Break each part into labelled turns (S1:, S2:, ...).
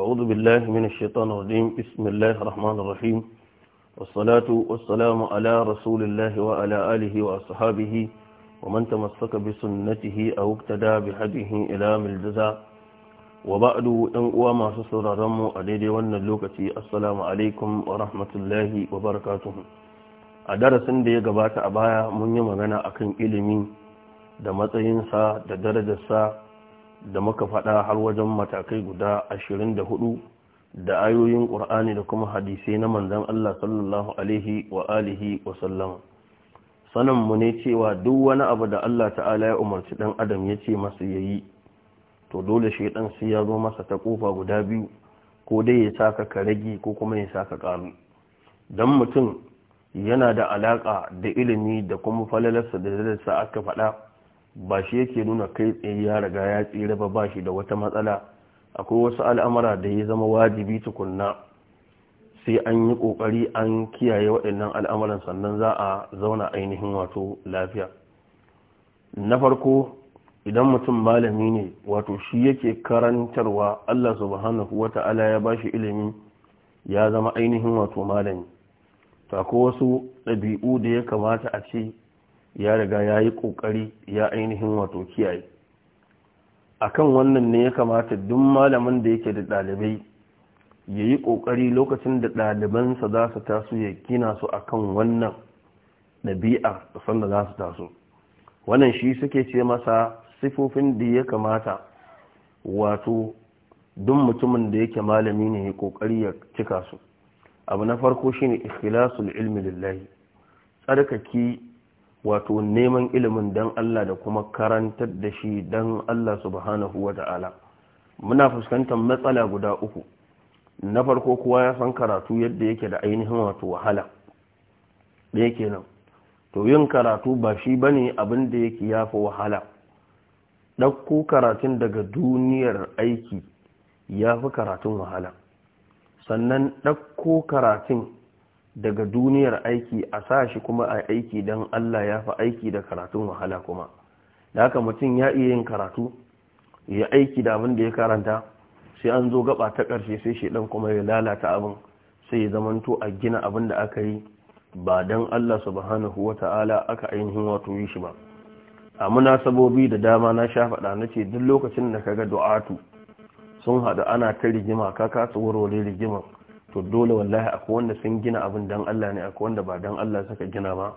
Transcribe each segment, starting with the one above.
S1: أعوذ بالله من الشيطان الرجيم بسم الله الرحمن الرحيم والصلاة والسلام على رسول الله وعلى آله وأصحابه ومن تمسك بسنته أو اقتدى بهديه إلى ملجزا وبعد أن أوام سسر رمو أليدي ونلوكة السلام عليكم ورحمة الله وبركاته a darasin da ya gabata a baya mun yi magana akan ilimi da matsayinsa da darajarsa da muka faɗa har wajen matakai guda ashirin da hudu da ayoyin ƙur'ani da kuma hadisai na manzan Allah sallallahu alaihi wa alihi wa sallam sanin mu ne cewa duk wani abu da Allah ta'ala ya umarci dan adam ya ce masa yayi to dole ɗan sai ya zo masa ta kofa guda biyu ko dai ya saka ka rage ko kuma ya saka karu dan mutum yana da alaƙa da ilimi da kuma falalarsa da zadarsa aka faɗa ba shi yake nuna kai tsaye ya riga ya tsira ba ba shi da wata matsala akwai wasu al'amura da ya zama wajibi tukunna sai an yi ƙoƙari an kiyaye waɗannan al'amuran sannan za a zauna ainihin wato lafiya na farko idan mutum malami ne wato shi yake karantarwa allah subhanahu wata'ala ya ba shi ilimi ya zama ainihin wato malami ta ko wasu ɗabi'u da ya kamata a ce ya riga ya yi ƙoƙari ya ainihin wato kiyaye akan wannan ne ya kamata duk malamin da yake da ɗalibai ya yi ƙoƙari lokacin da ɗalibansa za su taso ya gina su akan wannan ɗabi'a da sanda za su taso wannan shi suke ce masa sifofin da ya kamata wato duk mutumin da yake malami ne ya ƙoƙari ya cika su abu na farko shine ikhlasul ilmi lillahi tsarkaki wato neman ilimin dan Allah da kuma karantar da shi dan Allah subhanahu wa ta'ala muna fuskantar matsala guda uku na farko kuwa ya san karatu yadda yake da ainihin wato wahala da yake nan to yin karatu ba shi ba ne abin da yake ya fi wahala ɗauko karatun daga duniyar aiki ya fi karatun wahala sannan ɗauko karatun daga duniyar aiki a sa shi kuma a aiki don Allah ya fi aiki da karatun wahala kuma da haka mutum ya iya yin karatu ya aiki da abin da ya karanta sai an zo gaba ta ƙarshe sai shi ɗan kuma ya lalata abin sai ya zamanto a gina abin da aka yi ba don Allah subhanahu wa ta'ala aka ainihin wato yi shi ba a munasabobi da dama na sha faɗa na duk lokacin da ka ga du'atu sun haɗu ana ta rigima ka kasa warware rigimar to dole wallahi akwai wanda sun gina abin dan Allah ne akwai wanda ba dan Allah suka gina ba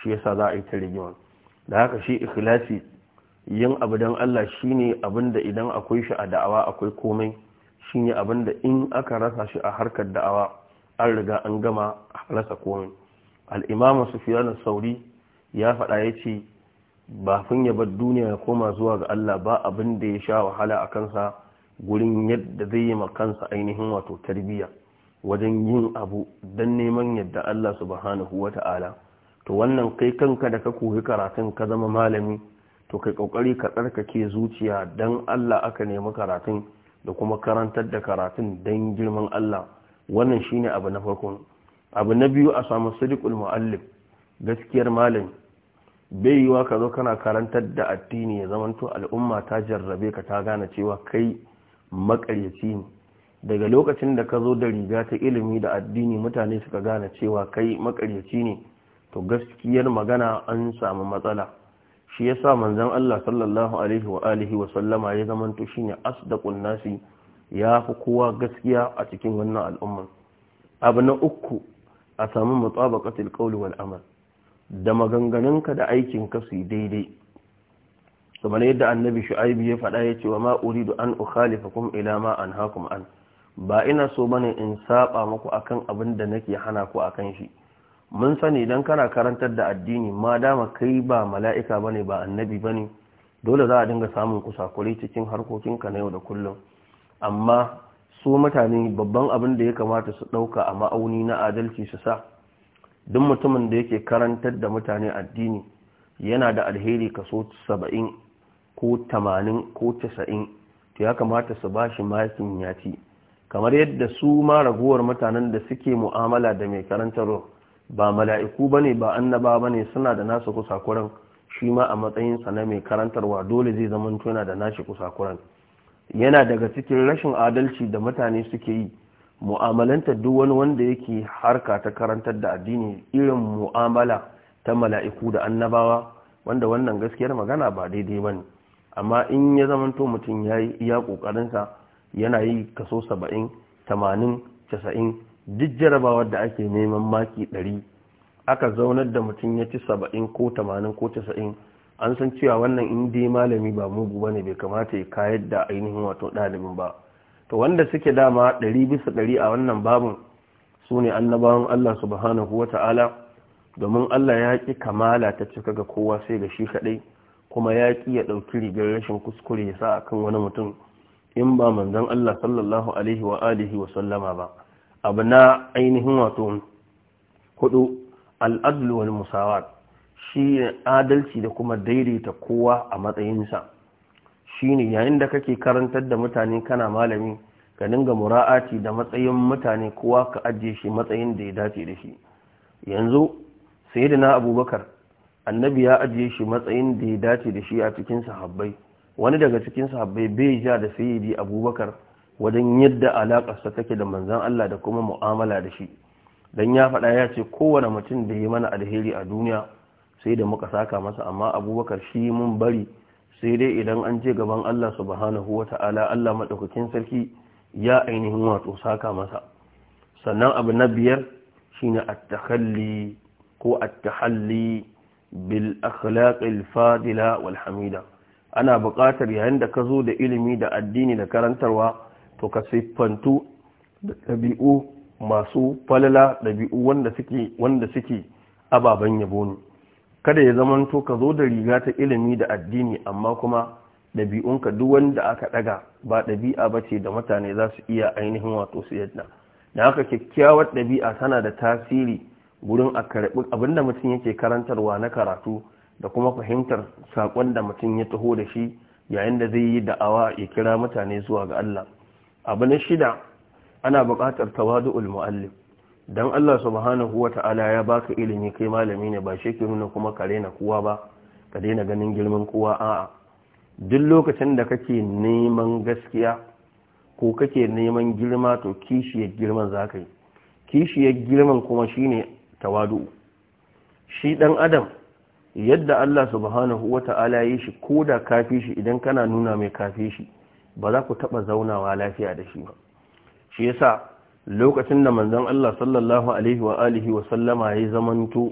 S1: shi yasa za a yi ta rigima da haka shi ikhlasi yin abu dan Allah shine abin da idan akwai shi a da'awa akwai komai shine abin da in aka rasa shi a harkar da'awa an riga an gama rasa komai al-imam Sufyan al-Sauri ya faɗa yace ba fun ya bar duniya ya koma zuwa ga Allah ba abin da ya sha wahala a kansa gurin yadda zai yi ma kansa ainihin wato tarbiyya wajen yin abu don neman yadda Allah subhanahu wa ta'ala to wannan kai kanka da ka koyi karatun ka zama malami to kai kokari ka tsarkake zuciya don Allah aka nemi karatun da kuma karantar da karatun don girman Allah wannan shine abu na farko abu na biyu a samu sadiqul muallif gaskiyar malami bai yiwa ka zo kana karantar da addini ya zamanto al'umma ta jarrabe ka ta gane cewa kai makaryaci ne daga lokacin da ka zo da riga ta ilimi da addini mutane suka gane cewa kai makaryaci ne to gaskiyar magana an samu matsala shi yasa manzon Allah sallallahu alaihi wa alihi wa sallama ya zaman to shine asdaqun nasi ya fi kowa gaskiya a cikin wannan al'umma abu na uku a samu mutabaqatil qawli wal amal da maganganunka da aikinka su daidai kamar yadda annabi shu'aibu ya faɗa ya ce wa ma uridu an ukhalifakum ila ma anhaakum an ba ina so bane in saba muku akan abin da nake hana ku akan shi mun sani idan kana karantar da addini ma dama kai ba mala'ika bane ba annabi bane dole za a dinga samun kusakuri cikin harkokin ka na yau da kullum amma su mutane babban abin da ya kamata su ɗauka a ma'auni na adalci su sa duk mutumin da yake karantar da mutane addini yana da alheri kaso saba'in ko tamanin ko casa'in to ya kamata su bashi shi makin yati kamar yadda su ma raguwar mutanen da suke mu'amala da mai karantar ba mala'iku bane ba annaba bane suna da nasu kusakuran shi ma a matsayinsa na mai karantarwa dole zai zama yana da nashi kusakuran yana daga cikin rashin adalci da mutane suke yi mu'amalanta duk wani wanda yake harka ta karantar da addini irin mu'amala ta mala'iku da annabawa wanda wannan gaskiyar magana ba daidai ba ne amma in ya zamanto mutum ya yi iya kokarinsa. yana yi kaso saba'in tamanin casa'in duk jarabawar da ake neman maki ɗari aka zaunar da mutum ya ci saba'in ko tamanin ko casa'in an san cewa wannan in dai malami ba mugu bane bai kamata ya kayar da ainihin wato ɗalibin ba to wanda suke dama ɗari bisa ɗari a wannan babin su ne annabawan Allah subhanahu wa ta'ala domin Allah ya ƙi kamala ta cika ga kowa sai ga shi kaɗai kuma ya ƙi ya ɗauki rigar rashin kuskure ya sa a kan wani mutum in ba manzon Allah sallallahu alaihi wa alihi wa sallama ba abu na ainihin wato hudu al'adl wal musawat shi adalci da kuma daidaita kowa a matsayinsa shine yayin da kake karantar da mutane kana malami ka dinga mura'ati da matsayin mutane kowa ka ajiye shi matsayin da ya dace da shi yanzu na abubakar annabi ya ajiye shi matsayin da ya dace da shi a cikin sahabbai wani daga cikin sahabbai bai ja da sayyidi abubakar wajen yadda alaƙarsa take da manzan Allah da kuma mu'amala da shi don ya faɗa ya ce kowane mutum da ya mana alheri a duniya sai da muka saka masa amma abubakar shi mun bari sai dai idan an je gaban Allah subhanahu wa ta'ala Allah maɗaukakin sarki ya ainihin wato saka masa sannan abu na biyar shine ne ko at-tahalli bil akhlaqil fadila wal hamida ana buƙatar yayin da ka zo da ilimi da addini da karantarwa to ka siffantu da ɗabi'u masu falala ɗabi'u wanda suke ababen yabo ne kada ya zama to ka zo da riga ta ilimi da addini amma kuma ɗabi'unka duk wanda aka ɗaga ba ɗabi'a ba ce da mutane za su iya ainihin wato su yadda da haka kyakkyawar ɗabi'a tana da tasiri gurin a karɓi abinda mutum yake karantarwa na karatu da kuma fahimtar saƙon da mutum ya taho da shi yayin da zai yi da'awa ya kira mutane zuwa ga Allah abu na shida ana buƙatar tawadu'ul mu'allim dan Allah subhanahu wata'ala ya baka ilimi kai malami ne ba shi ke nuna kuma kare na kowa ba ka daina ganin girman kowa a'a duk lokacin da kake neman gaskiya ko kake neman girma to kishiyar girman za ka yi kishiyar girman kuma shine tawadu'u. shi dan adam yadda Allah subhanahu wata'ala yi shi ko da kafi shi idan kana nuna mai kafi shi ba za ku taɓa zaunawa lafiya da shi ba shi yasa lokacin da manzon Allah sallallahu alaihi wa alihi wa sallama ya zamanto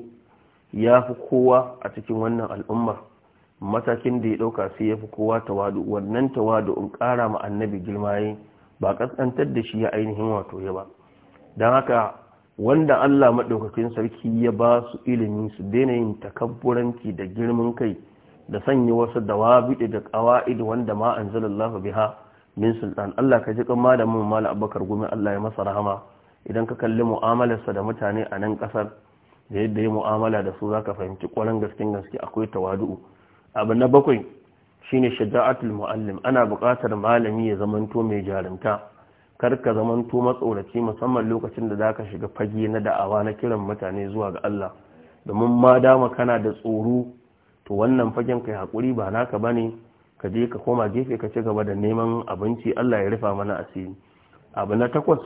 S1: ya fi kowa a cikin wannan al'ummar matakin da ya ɗauka sai ya fi kowa tawadu wannan tawadu in ƙara ma annabi girma ba kaskantar da shi ya ainihin wato ya ba don haka wanda Allah maɗaukakin sarki ya ba su ilimi su daina yin takabburanci da girman kai da sanya wasu biɗe da ƙawa'id wanda ma an bi biha min sultan Allah ka ji kama da mun mala abakar gumi Allah ya masa rahama idan ka kalli mu'amalarsa da mutane a nan ƙasar da yadda ya mu'amala da su za ka fahimci ƙwarin gaskin gaske akwai tawadu'u abu na bakwai shine shaja'atul mu'allim ana buƙatar malami ya zamanto mai jarumta karka zamanto matsoraci musamman lokacin da zaka shiga fage na da'awa na kiran mutane zuwa ga Allah domin ma dama kana da tsoro to wannan fagen kai hakuri ba naka bane ka je ka koma gefe ka ci gaba da neman abinci Allah ya rufa mana asiri abu na takwas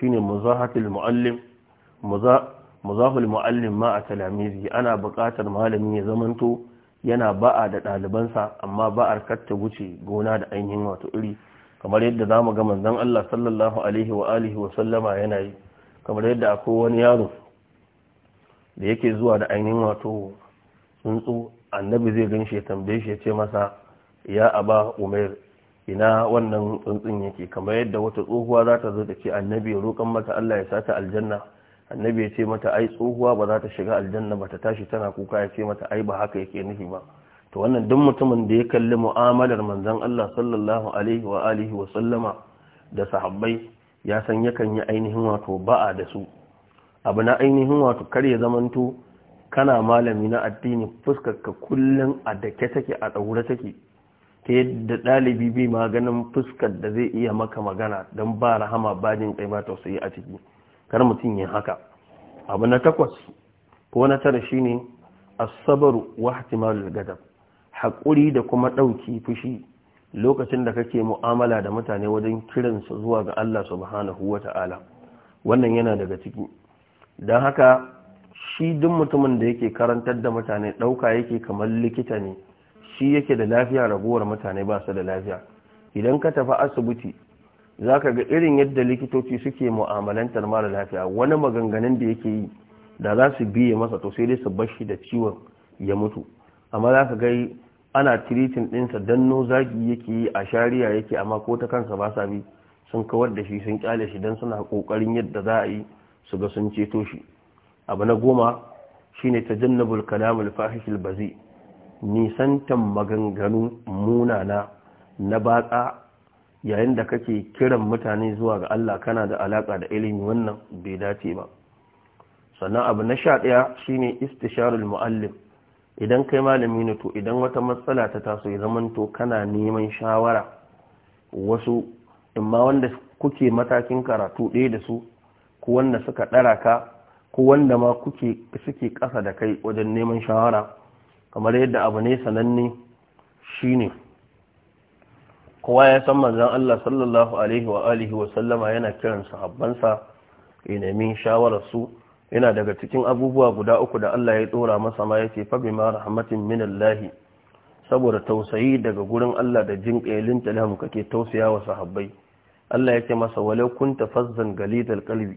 S1: shine muzahatul muallim muzahul muallim ma a talamizi ana buƙatar malami ya zamanto yana ba'a da ɗalibansa amma ba'ar kar ta wuce gona da ainihin wato iri kamar yadda za mu ga manzon Allah sallallahu alaihi wa alihi wa sallama yana yi kamar yadda akwai wani yaro da yake zuwa da ainihin wato tsuntsu annabi zai gan shi tambaye shi ya ce masa ya aba umair ina wannan tsuntsun yake kamar yadda wata tsohuwa za ta zo da ke annabi ya roƙon mata Allah ya sata aljanna annabi ya ce mata ai tsohuwa ba za ta shiga aljanna ba ta tashi tana kuka ya ce mata ai ba haka yake nufi ba to wannan duk mutumin da ya kalli mu'amalar manzon Allah sallallahu alaihi wa alihi wa sallama da sahabbai ya san yakan yi ainihin wato ba'a da su abu na ainihin wato kar ya zamanto kana malami na addini fuskarka kullum a dake take a daure take ta yadda ɗalibi bi maganin fuskar da zai iya maka magana don ba rahama ba jin kai ba tausayi a ciki kar mutum yin haka abu na takwas ko na tara shine asabaru wa ihtimalul gadab haƙuri da kuma ɗauki fushi lokacin da kake mu'amala da mutane wajen kiransu zuwa ga Allah subhanahu wa ta'ala wannan yana daga ciki don haka shi duk mutumin da yake karantar da mutane ɗauka yake kamar likita ne shi yake da lafiya ragowar mutane ba su da lafiya idan ka tafi asibiti za ka ga irin yadda likitoci suke mu'amalantar mara lafiya wani maganganun da yake yi da za su biye masa to sai dai su bashi da ciwon ya mutu amma za ka gai ana tiritin ɗinsa danno zagi yake yi a shari'a yake amma ko ta kansa ba sa bi sun kawar da shi sun kyale shi don suna ƙoƙarin yadda za a yi su ga sun ceto shi abu na goma shine tajannabul kalamul fahishil bazi nisantan maganganu munana na batsa yayin da kake kiran mutane zuwa ga Allah kana da alaƙa da ilimi wannan bai dace ba sannan abu na sha ɗaya shine istisharul muallim idan kai malami ne to idan wata matsala ta taso ya zaman to kana neman shawara wasu imma wanda kuke matakin karatu ɗaya da su ko wanda suka ɗara ka ko wanda ma kuke suke ƙasa da kai wajen neman shawara kamar yadda abu ne sananne shine kowa ya san manzan Allah sallallahu alaihi wa’alihi wasallama yana kiransa habbansa ya nemi shawarar su yana daga cikin abubuwa guda uku da Allah ya dora masa ma yace fa ma rahmatin minallahi saboda tausayi daga gurin Allah da jin kailin talham kake tausaya wa sahabbai Allah yake masa walau kunta fazzan galidal qalbi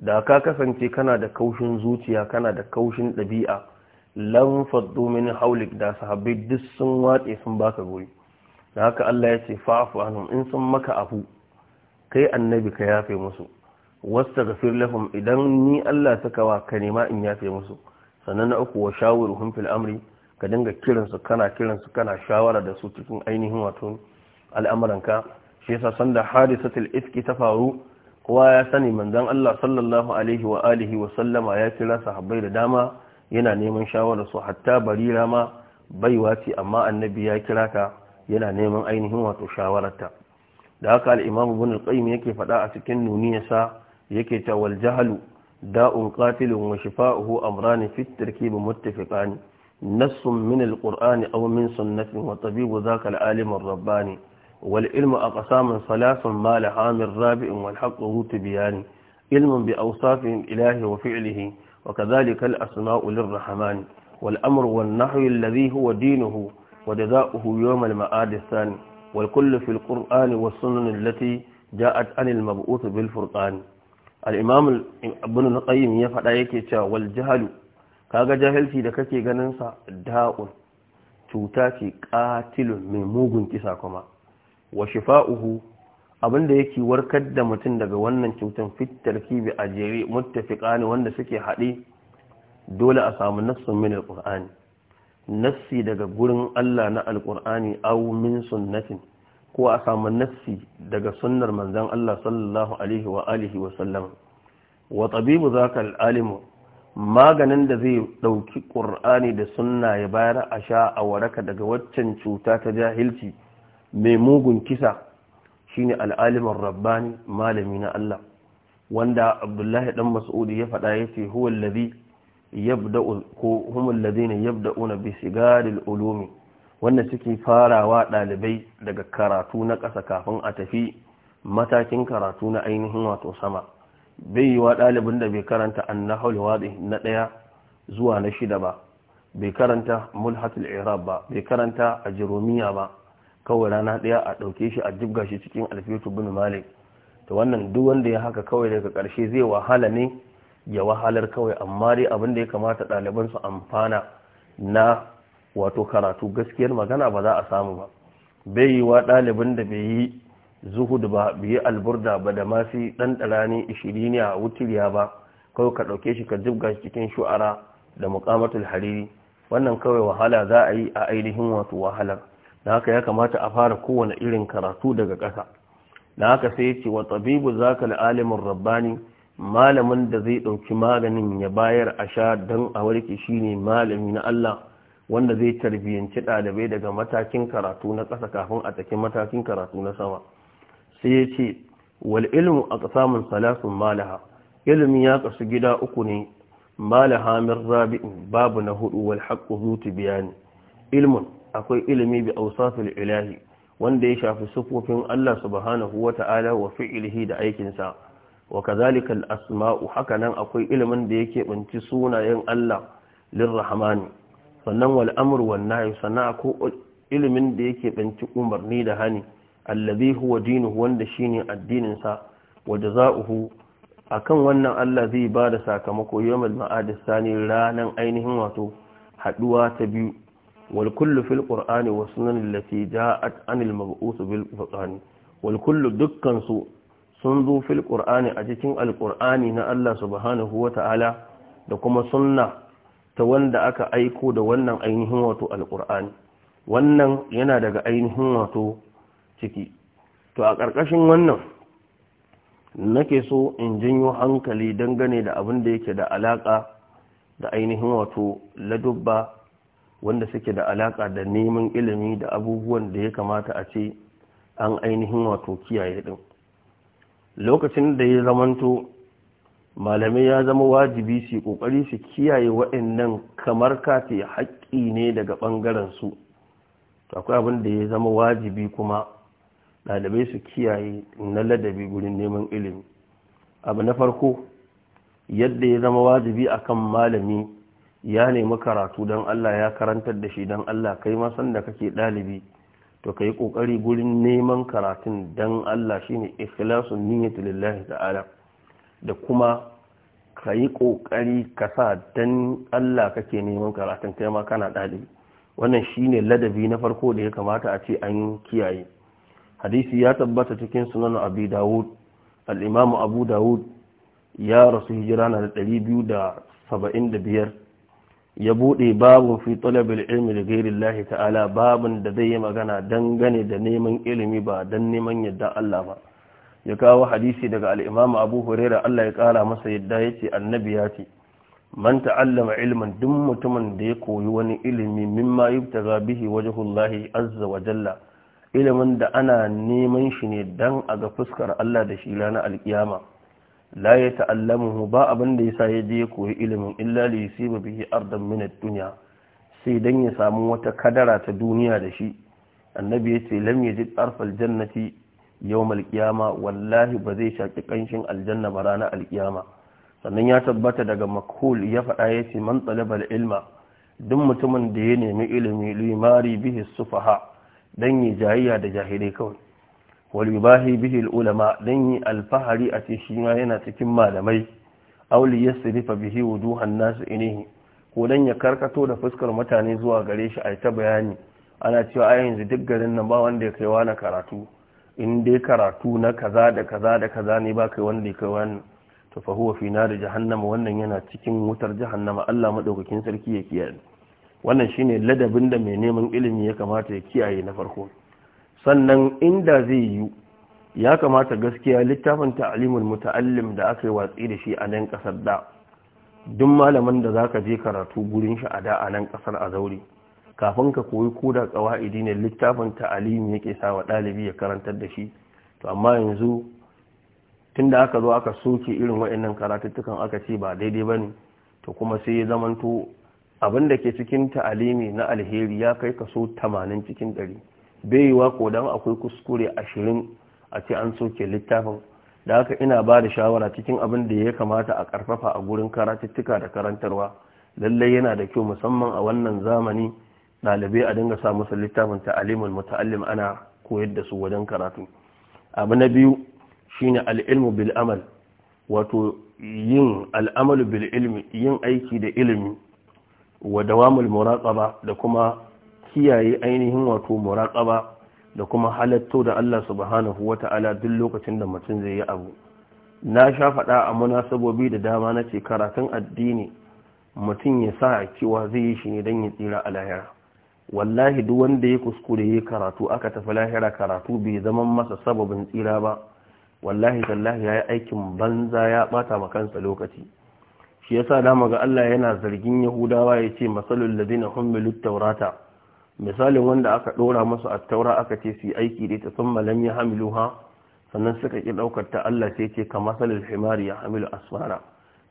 S1: da ka kasance kana da kaushin zuciya kana da kaushin dabi'a lam faddu min hawlik da sahabbai duk sun wace sun baka goyi. da haka Allah yake fa'fu anhum in sun maka afu kai annabi ka yafe musu wastaghfir lahum idan ni Allah ta kawa ka nema in yafe musu sannan na uku wa shawiruhum fil amri ka dinga kiran su kana kiran su kana shawara da su cikin ainihin wato al'amuranka shi yasa sanda hadisatul ifki ta faru kowa ya sani manzon Allah sallallahu alaihi wa alihi wa sallama ya kira sahabbai da dama yana neman shawarar su hatta barira ma bai amma annabi ya kira yana neman ainihin wato shawararta da haka al-imam ibn al-qayyim yake faɗa a cikin nuniyarsa yake ta waljahalu da'un qatilun wa shifa'uhu amran fi at نص من القرآن أو من سنة وطبيب ذاك العالم الرباني والعلم أقسام ثلاث ما لها من رابع والحق هو تبيان علم باوصاف الاله وفعله وكذلك الأسماء للرحمن والأمر والنحو الذي هو دينه وجزاؤه يوم المعاد الثاني والكل في القرآن والسنن التي جاءت عن المبعوث بالفرقان al'imam abin na qayyim ya faɗa yake cewa wal jahalu kaga jahilci da kake ganin sa da'un cuta ce ƙatilun mai mugun kisa kuma wa shifa'uhu abinda yake warkar da mutum daga wannan cutar fitar kibi a jere ne wanda suke haɗe dole a samu nassun min Alƙur'ani. Nafsi nassi daga gurin Allah na Alƙur'ani au min sunnatin ko a samu nassi daga sunnar manzan Allah sallallahu alaihi wa alihi wa sallam wa tabibu zaka maganin da zai ɗauki qur'ani da sunna ya bayar a sha a waraka daga waccan cuta ta jahilci mai mugun kisa shine al rabbani malami na Allah wanda Abdullahi dan Mas'udi ya faɗa yace huwa alladhi yabda'u ko humul ladina yabda'una bi sigaril ulumi wanda suke farawa dalibai daga karatu na ƙasa kafin a tafi matakin karatu na ainihin wato sama bai yi wa ɗalibin da bai karanta na haulewa na ɗaya zuwa na shida ba bai karanta mulhatul irab ba bai karanta a jiromiya ba kawai rana ɗaya a ɗauke shi a jibga shi cikin alfiyatu bin malik to wannan duk wanda ya haka kawai daga ƙarshe zai wahala ne ya wahalar kawai amma dai abin da ya kamata ɗaliban su amfana na wato karatu gaskiyar magana ba za a samu ba bai yi wa ɗalibin da bai yi zuhud ba bai yi alburda ba da masu ɗan ɗarani a wutiriya ba kawai ka ɗauke shi ka jibga cikin shu'ara da muƙamatul hariri wannan kawai wahala za a yi a ainihin wato wahalar da haka ya kamata a fara kowane irin karatu daga ƙasa da haka sai ce wa tabibu zaka alimin rabbani malamin da zai ɗauki maganin ya bayar a sha don a warke shine malami na Allah wanda zai tarbiyyanci ɗalibai daga matakin karatu na ƙasa kafin a tafi matakin karatu na sama sai ya ce wal ilmu a samun salasun malaha Ilimin ya kasu gida uku ne malaha min rabi'in babu na hudu wal haqqu zuti biyani ilmun akwai ilimi bi awsafil ilahi wanda ya shafi sufofin Allah subhanahu wata'ala wa fi'ilihi da aikinsa wa kazalika al asma'u hakanan akwai ilimin da yake bunci sunayen Allah lirrahmani sannan wal amr Sana'a sannan ko ilimin da yake banci umarni da hani allazi huwa dinuhu wanda shine addinin sa wa A akan wannan Allah zai ba da sakamako yawmal ma'ad sani ranar ainihin wato haduwa ta biyu wal kullu fil qur'ani wa sunan allati ja'at anil mab'us bil qur'ani wal kullu dukkan su sun zo fil a cikin Alƙur'ani na Allah subhanahu wata'ala da kuma sunna ta wanda aka aiko da wannan ainihin wato alkur'ani wannan yana daga ainihin wato ciki to a ƙarƙashin wannan nake so in janyo hankali dangane da abin da yake da alaƙa da ainihin wato ladubba wanda suke da alaƙa da neman ilimi da abubuwan da ya kamata a ce an ainihin wato kiyaye din lokacin da ya zamanto malamai ya zama wajibi su kokari su kiyaye waɗannan kamar kafi haƙƙi ne daga ɓangaren su akwai abin da ya zama wajibi kuma ɗalibai su kiyaye na ladabi gurin neman ilimi abu na farko yadda ya zama wajibi akan malami ya nemi karatu don Allah ya karantar da shi don Allah kai ma da kake ɗalibi to kai ƙoƙari gurin neman karatun don Allah shine ikhlasun niyyati lillahi ta'ala da kuma ka yi ƙoƙari ka sa don Allah kake neman karatun kai ma kana ɗalibi wannan ne ladabi na farko da ya kamata a ce an kiyaye hadisi ya tabbata cikin sunan abu dawud al'imamu abu dawud ya rasu hijira na da biyar ya buɗe babun fi talabar ilmi da gairin lahi ta'ala babun da zai yi magana dangane da neman ilimi ba don neman yadda Allah ba ya kawo hadisi daga al'imamu abu huraira Allah ya ƙara masa yadda ya ce annabi ya ce man ta'allama ilman duk mutumin da ya koyi wani ilimi mimma yubtaga bihi waje azza wa jalla ilimin da ana neman shi ne dan a ga fuskar Allah da shi ranar alkiyama la ya mu ba abin da yasa ya je koyi ilimin illa ya yusiba bihi ardan min duniya sai dan ya samu wata kadara ta duniya da shi annabi ya ce lam yajid arfal jannati Yau, malkiyama, wallahi ba zai shaki kanshin aljanna ba ranar alkiyama sannan ya tabbata daga makhul ya faɗa ce, man talaba ilma duk mutumin da ya nemi ilimi limari bihi sufaha don yi jayayya da jahilai kawai wal yubahi bihi ulama dan yi alfahari a ce shi yana cikin malamai auli ya sirifa bihi wuduhan nas inihi ko dan ya karkato da fuskar mutane zuwa gare shi a ta bayani ana cewa a yanzu duk garin nan ba wanda ya kai na karatu in dai karatu na kaza da kaza da kaza ne ba kai wanda kai wannan to fa huwa fi nar jahannama wannan yana cikin wutar jahannama Allah madaukakin sarki ya kiyaye wannan shine ladabin da mai neman ilimi ya kamata ya kiyaye na farko sannan inda zai yi ya kamata gaskiya littafin ta'limul muta'allim da aka yi watsi da shi a nan kasar da duk malamin da zaka je karatu gurin shi a da a nan kasar a zaure kafin ka koyi koda kawaidi ne littafin ta'alimi yake sa wa dalibi ya karantar da shi to amma yanzu tunda aka zo aka soke irin waɗannan karatuttukan aka ce ba daidai bane to kuma sai ya zamanto abin da ke cikin ta'alimi na alheri ya kai kaso 80 cikin 100 bai yiwa ko dan akwai kuskure 20 a ce an soke littafin da haka ina ba da shawara cikin abin da ya kamata a karfafa a gurin karatuttuka da karantarwa lallai yana da kyau musamman a wannan zamani ɗalibai a dinga sa musu littafin ta'alimul muta'allim ana koyar da su wajen karatu abu na biyu shine al'ilmu bil amal wato yin al'amalu bil ilmi yin aiki da ilimi wa dawamul muraqaba da kuma kiyaye ainihin wato muraqaba da kuma halatto da Allah subhanahu wata'ala duk lokacin da mutum zai yi abu na sha faɗa a munasabobi da dama na ce karatun addini mutum ya sa cewa zai yi shi ne don ya tsira a lahira wallahi duk wanda ya kuskure ya karatu aka tafi lahira karatu bai zama masa sababin tsira ba wallahi tallahi ya yi aikin banza ya bata ma kansa lokaci shi ya sa dama ga Allah yana zargin Yahudawa ya ce masalul ladina hummilu taurata misalin wanda aka dora masu a taura aka ce su aiki da ita sun malam ya ha? sannan suka ki ɗaukar ta Allah sai ce ka masalin himari ya hamilu asfara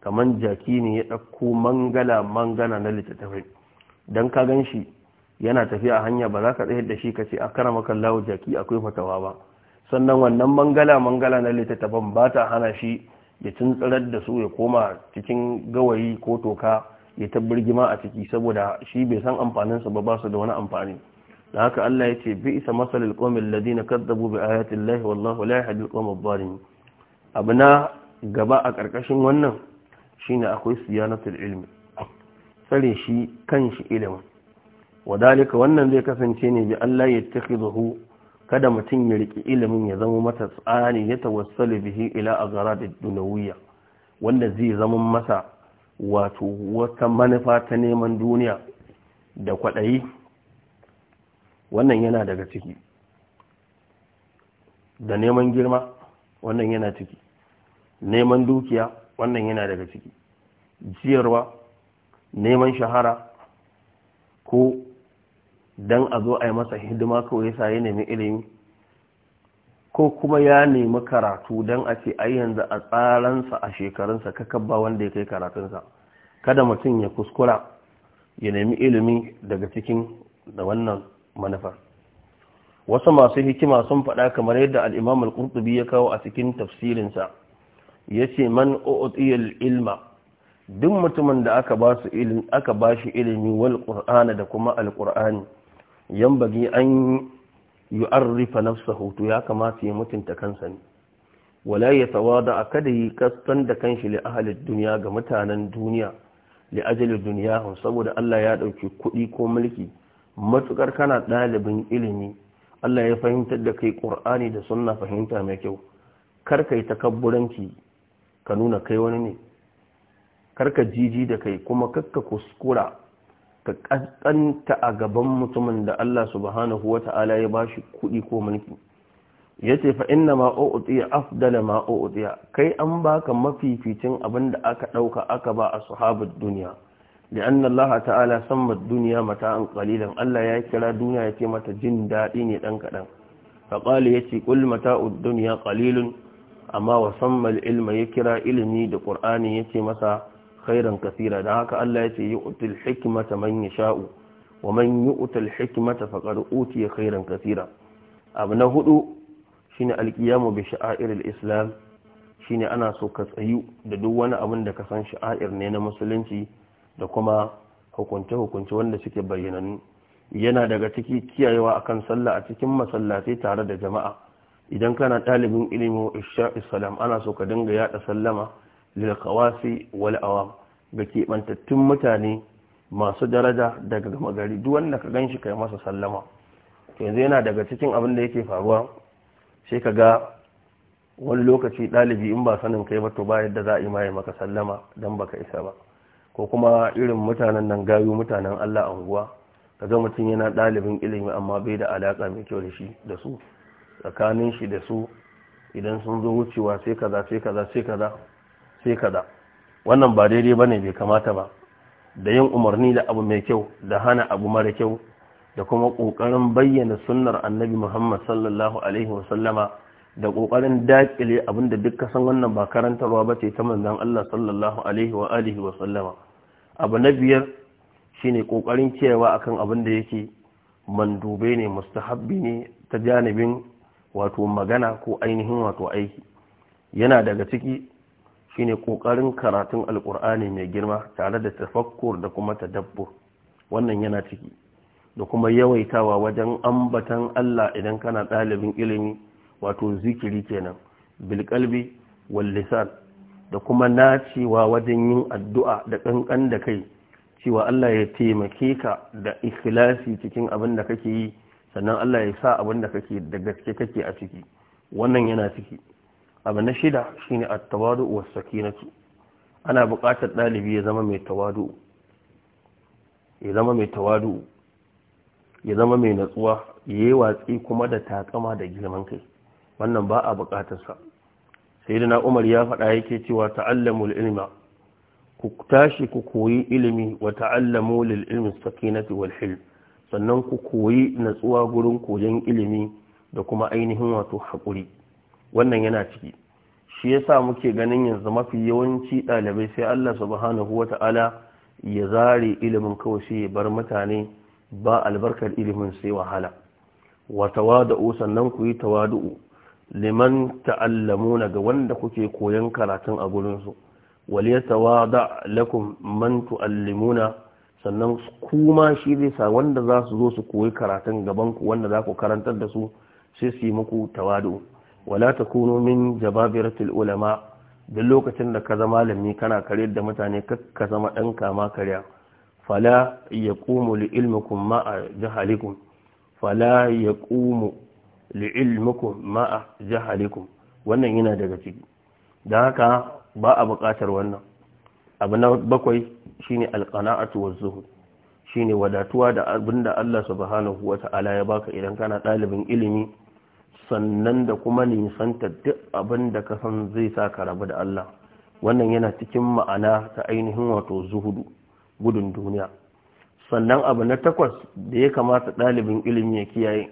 S1: Kamar jaki ne ya ɗauko mangala mangana na littattafai dan ka gan shi. yana tafiya a hanya ba za ka tsayar da shi ka ce a karama kallawo jaki akwai fatawa ba sannan wannan mangala mangala na littattafan ba ta hana shi ya tsintsirar da su ya koma cikin gawayi ko toka ya ta birgima a ciki saboda shi bai san amfaninsa ba ba su da wani amfani da haka Allah ya ce bi isa masalil qawmil ladina kadzabu bi ayati llahi wallahu la yahdi alqawmal zalimin abu na gaba a karkashin wannan shine akwai siyanatul ilmi tsare shi kan shi ilimin wadalika wannan zai kasance ne bi Allah ya takhidhu kada mutum ya riki ilimin ya zama mata tsani ya tawassalu bihi ila agharad da dunawiyya wanda zai zama masa wato wata manufa ta neman duniya da kwadayi wannan yana daga ciki da neman girma wannan yana ciki neman dukiya wannan yana daga ciki jiyarwa neman shahara ko don a zo a yi masa hidima kawai sa ya nemi ilimi ko kuma ya nemi karatu don a ce ai yanzu a tsaransa a shekarunsa kakabba wanda ya kai karatunsa kada mutum ya kuskura ya nemi ilimi daga cikin da wannan manufar wasu masu hikima sun faɗa kamar yadda al'imam al'urtubi ya kawo a cikin tafsirinsa ya ce man o'otiyar ilma duk mutumin da aka ba shi ilimi wal da kuma Al-Qur'ani. yan bagi an yi arrifa nafsa hoto ya kamata ya mutunta kansa ne wala ya tawada a kada yi kastan da kanshi li ahalin duniya ga mutanen duniya li ajalin duniya saboda Allah ya ɗauki kuɗi ko mulki matukar kana ɗalibin ilimi Allah ya fahimtar da kai ƙur'ani da sunna fahimta mai kyau kar ta takabburanci ka nuna kai wani ne karka jiji da kai kuma kakka kuskura ka kaskanta a gaban mutumin da Allah subhanahu ta'ala ya bashi kuɗi ko mulki ce fa inna ma u'tiya afdala ma u'tiya kai an baka mafificin abin da aka ɗauka aka ba a dunya lianna Allah ta'ala duniya mata an qalilan Allah ya kira duniya ya ce mata jin daɗi ne dan kaɗan fa ce yace mata mata'ud dunya ƙalilun. amma wa samma ya kira ilimi da qur'ani yace masa khairan kasira don haka Allah ya ce yu'til hikimata man sha'u wa man yu'til hikmata faqad ya khairan kasira abu na hudu shine alqiyamu bi sha'airil islam shine ana so ka tsayu da duk wani abin da ka san sha'air ne na musulunci da kuma hukunce hukunce wanda suke bayyanannu yana daga ciki kiyayewa akan sallah a cikin masallatai tare da jama'a idan kana ɗalibin ilimin isha'i salam ana so ka dinga yada sallama lilkawasi wal awam ga keɓantattun mutane masu daraja daga gama gari duk wanda ka ganshi kai masa sallama yanzu yana daga cikin abin da yake faruwa sai ka ga wani lokaci ɗalibi in ba sanin kai ba to ba yadda za a yi maye maka sallama don baka isa ba ko kuma irin mutanen nan gayu mutanen Allah anguwa kaga mutum yana ɗalibin ilimi amma bai da alaƙa mai kyau da shi da su tsakanin shi da su idan sun zo wucewa sai kaza sai kaza sai kaza sai kaza wannan ba daidai ba ne bai kamata ba da yin umarni da abu mai kyau da hana abu mara kyau da kuma ƙoƙarin bayyana sunnar annabi Muhammad sallallahu alaihi wasallama da kokarin dakile abinda duk kasan san wannan ba karantarwa bace ta manzon Allah sallallahu alaihi wa alihi wasallama abu na biyar shine kokarin a kan abin da yake mandube ne mustahabbi ne ta janibin wato magana ko ainihin wato aiki yana daga ciki shine kokarin karatun alkur'ani mai girma tare da tafakkur da kuma tadabbur wannan yana ciki da kuma yawaitawa wajen ambatan Allah idan kana ɗalibin ilimi wato zikiri kenan bilkalbi wal lisan da kuma nacewa wajen yin addu'a da kankan da kai cewa Allah ya taimake ka da ikhlasi cikin abin da kake yi sannan Allah ya sa abin da kake da gaske kake a ciki wannan yana ciki abu na shida shine a tawadu wa sakinatu ana buƙatar ɗalibi ya zama mai tawadu ya zama mai tawadu ya zama mai natsuwa yi watsi kuma da takama da girman kai wannan ba a sai da na Umar ya faɗa yake cewa ta'allamul ilma ku tashi ku koyi ilimi wa ta'allamu lil ilmi sakinatu wal hil, sannan ku koyi natsuwa gurin koyon ilimi da kuma ainihin wato haƙuri wannan yana ciki shi yasa muke ganin yanzu mafi yawanci ɗalibai sai Allah subhanahu wata'ala ya zare ilimin kawai sai ya bar mutane ba albarkar ilimin sai wahala wa tawadu'u sannan ku yi tawadu'u liman ta'allamuna ga wanda kuke koyan karatun a gurin su wal yatawada lakum man tu'allimuna sannan kuma shi zai sa wanda za su zo su koyi karatun gabanku wanda za ku karantar da su sai su yi muku tawadu'u wala kuno min jababiratul ulama duk lokacin da ka zama malami kana kare da mutane ka zama dan kama kariya fala yaqumu li ilmikum ma jahalikum fala yaqumu li ilmikum ma jahalikum wannan yana daga ciki dan haka ba a buƙatar wannan abu na bakwai shine alqana'atu wazuhud shine wadatuwa da abinda Allah subhanahu wata'ala ya baka idan kana ɗalibin ilimi sannan da kuma nisanta duk abin da ka san zai sa ka rabu da Allah wannan yana cikin ma'ana ta ainihin wato zuhudu gudun duniya sannan abu na takwas da ya kamata ɗalibin ilimi ya kiyaye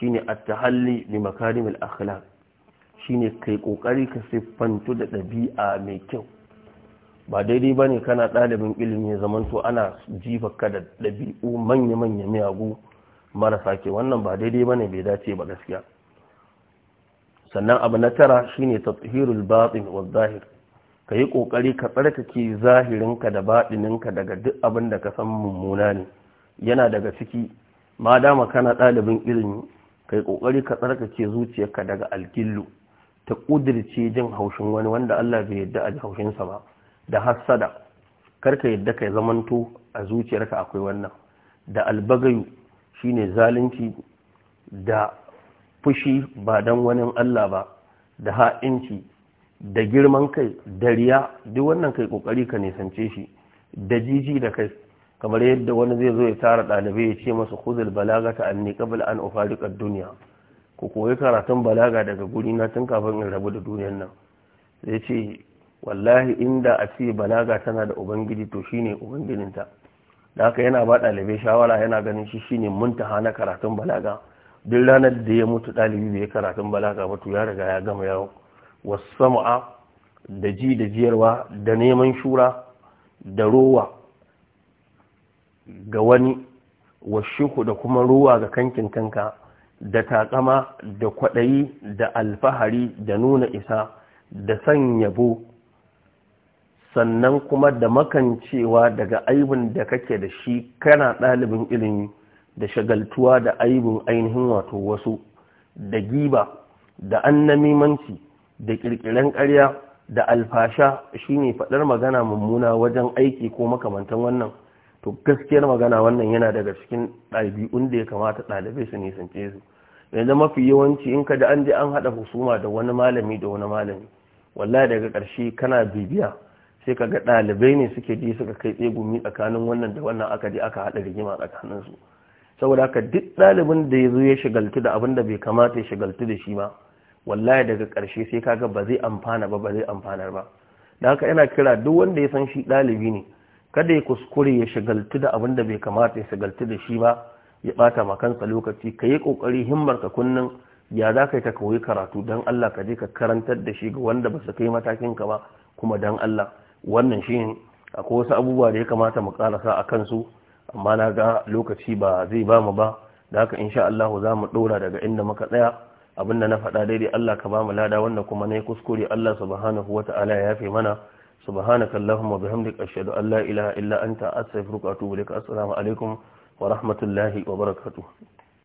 S1: shine halli tahalli li makarimil shi shine kai ƙoƙari ka siffantu da ɗabi'a mai kyau ba daidai ba bane kana ɗalibin ilimi ya zamanto ana jifa ka da ɗabi'u manya-manya miyagu marasa ke wannan ba daidai ba ne bai dace ba gaskiya sannan abu na tara shine tafhirul batin wa zahir ka yi ƙoƙari ka tsarkake zahirinka da baɗininka daga duk abin da ka san mummuna ne yana daga ciki ma dama kana ɗalibin ilimi ka yi ƙoƙari ka tsarkake zuciyarka daga alkillu ta ƙudirce jin haushin wani wanda Allah bai yadda a ji haushinsa ba da hassada kar ka yadda ka zamanto a zuciyarka akwai wannan da albagayu shine zalunci da fushi ba don wani Allah ba da ha'inci da girman kai da riya duk wannan kai kokari ka nisance shi da jiji da kai kamar yadda wani zai zo ya tara ɗalibai ya ce masa khuzul balagata anni qabla an ufariqa ad-dunya ku koyi karatun balaga daga guri na tun kafin in rabu da duniyar nan zai ce wallahi inda a ce balaga tana da ubangiji to shine ubangijinta da haka yana ba ɗalibai shawara yana ganin shi shine muntaha na karatun balaga duk ranar da ya mutu ɗalibi ya karatun balaga ba ya riga ya gama yawo wasama'a da ji da jiyarwa da neman shura da rowa ga wani washuku da kuma rowa ga kankin kanka da takama da kwaɗayi da alfahari da nuna isa da san yabo sannan kuma da makancewa daga aibin da kake da shi kana ɗalibin ilimi da shagaltuwa da aibin ainihin wato wasu da giba da annamimanci da kirkiren karya da alfasha shine faɗar magana mummuna wajen aiki ko makamantan wannan to gaskiyar magana wannan yana daga cikin ɗabi'un da ya kamata ɗalibai su nisance su yanzu mafi yawanci in ka da an je an haɗa husuma da wani malami da wani malami wallahi daga ƙarshe kana bibiya sai ka ga ɗalibai ne suke ji suka kai tsegumi tsakanin wannan da wannan aka je aka haɗa rigima tsakanin su saboda haka duk ɗalibin da ya zo ya shigaltu da abin da bai kamata ya shigaltu da shi ba wallahi daga ƙarshe sai kaga ba zai amfana ba ba zai amfanar ba da haka yana kira duk wanda ya san shi ɗalibi ne kada ya kuskure ya shigaltu da abin da bai kamata ya shigaltu da shi ba ya ɓata ma kansa lokaci ka yi ƙoƙari himmar ka kunnin ya za ka yi ta koyi karatu don Allah ka je ka karantar da shi ga wanda ba su kai matakin ka ba kuma don Allah wannan shi ne akwai wasu abubuwa da ya kamata mu karasa a kansu amma na ga lokaci ba zai ba mu ba da haka insha Allah za mu ɗora daga inda muka tsaya abinda na faɗa daidai Allah ka ba mu lada wanda kuma na yi kuskure Allah subhanahu wa ta'ala ya yafe mana subhanaka allahumma bihamdika ashhadu an la ilaha illa anta astaghfiruka wa atubu ilaik assalamu alaikum wa rahmatullahi wa barakatuh